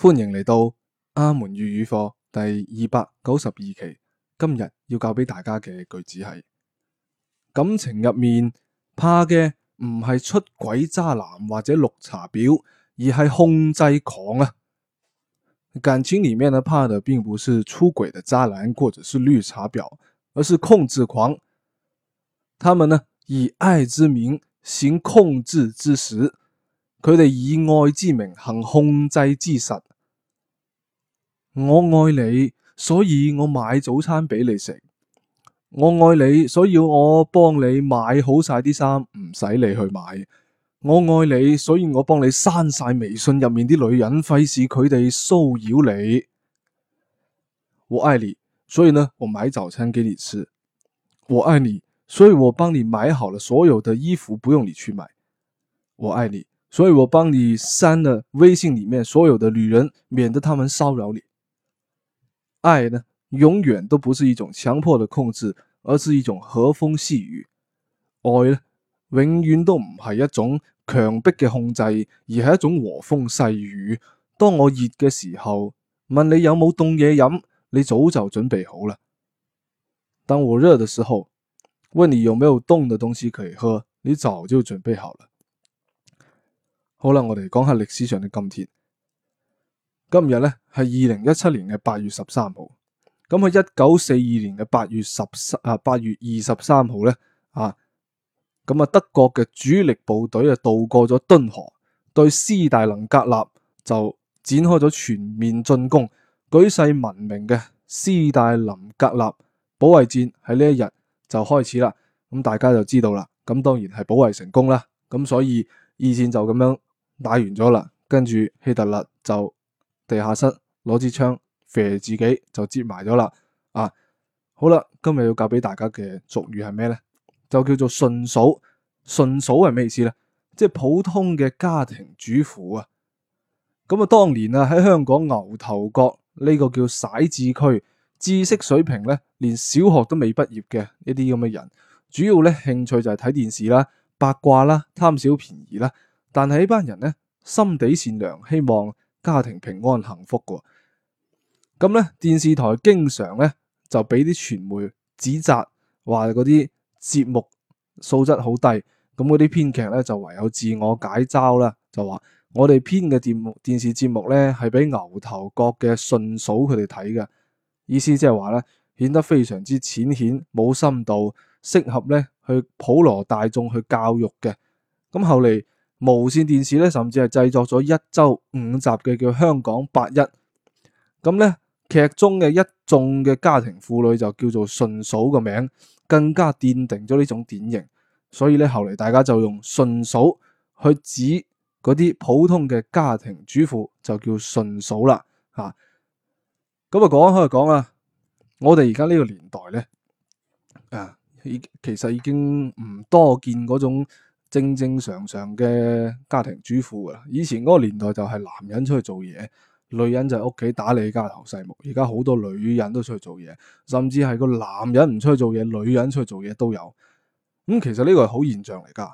歡迎嚟到阿門粵語課第二百九十二期。今日要教俾大家嘅句子係：感情入面怕嘅唔係出軌渣男或者綠茶婊，而係控制狂啊！感情裏面呢怕的并不是出軌嘅渣男或者是綠茶婊，而是控制狂。他們呢以愛之名行控制之實，佢哋以愛之名行控制之實。我愛你，所以我買早餐畀你食。我愛你，所以我幫你買好晒啲衫，唔使你去買。我愛你，所以我幫你刪晒微信入面啲女人，費事佢哋騷擾你。我愛你，所以呢，我買早餐給你吃。我愛你，所以我幫你買好了所有的衣服，不用你去買。我愛你，所以我幫你刪了微信裏面所有的女人，免得他們騷擾你。愛呢，永遠都不是一種強迫的控制，而是一種和風細雨。愛呢，永遠都唔係一種強迫嘅控制，而係一種和風細雨。當我熱嘅時候，問你有冇凍嘢飲，你早就準備好啦。當我熱嘅時候，問你有沒有凍嘅東西可以喝，你早就準備好了。好啦，我哋講下歷史上嘅今天。今日咧係二零一七年嘅八月十三號，咁喺一九四二年嘅八月十三啊八月二十三號咧啊，咁啊德國嘅主力部隊啊渡過咗敦河，對斯大林格勒就展開咗全面進攻，舉世聞名嘅斯大林格勒保衛戰喺呢一日就開始啦，咁大家就知道啦，咁當然係保衛成功啦，咁所以二戰就咁樣打完咗啦，跟住希特勒就。地下室攞支槍射自己就接埋咗啦啊！好啦，今日要教俾大家嘅俗語係咩咧？就叫做順嫂。順嫂係咩意思咧？即係普通嘅家庭主婦啊。咁啊，當年啊喺香港牛頭角呢個叫徙置區，知識水平咧連小學都未畢業嘅一啲咁嘅人，主要咧興趣就係睇電視啦、八卦啦、貪小便宜啦。但係呢班人咧心地善良，希望家庭平安幸福嘅，咁咧電視台經常咧就俾啲傳媒指責，話嗰啲節目素質好低，咁嗰啲編劇咧就唯有自我解嘲啦，就話我哋編嘅電電視節目咧係俾牛頭角嘅順嫂佢哋睇嘅，意思即係話咧顯得非常之淺顯，冇深度，適合咧去普羅大眾去教育嘅，咁後嚟。無線電視咧，甚至係製作咗一周五集嘅叫《香港八一》，咁咧劇中嘅一眾嘅家庭婦女就叫做順嫂嘅名，更加奠定咗呢種典型。所以咧，後嚟大家就用順嫂去指嗰啲普通嘅家庭主婦，就叫順嫂啦。吓、啊，咁啊講開又講啦，我哋而家呢個年代咧，啊已其實已經唔多見嗰種。正正常常嘅家庭主婦啊，以前嗰個年代就係男人出去做嘢，女人就係屋企打理家頭細務。而家好多女人都出去做嘢，甚至係個男人唔出去做嘢，女人出去做嘢都有。咁、嗯、其實呢個係好現象嚟噶。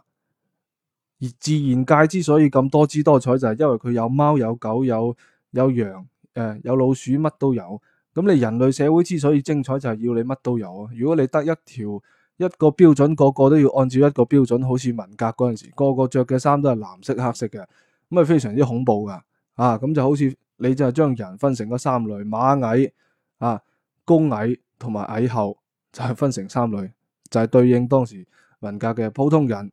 而自然界之所以咁多姿多彩，就係因為佢有貓有狗有有羊，誒、呃、有老鼠乜都有。咁你人類社會之所以精彩，就係要你乜都有啊。如果你得一條。一個標準，個個都要按照一個標準，好似文革嗰陣時，個個着嘅衫都係藍色、黑色嘅，咁啊非常之恐怖噶，啊咁就好似你就係將人分成嗰三類，螞蟻啊、工蟻同埋蟻后就係分成三類，就係、是、對應當時文革嘅普通人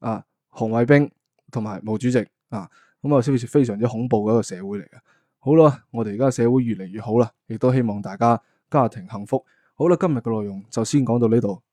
啊、紅衛兵同埋毛主席啊，咁啊，所以非常之恐怖嘅一個社會嚟嘅。好啦，我哋而家社會越嚟越好啦，亦都希望大家家庭幸福。好啦，今日嘅內容就先講到呢度。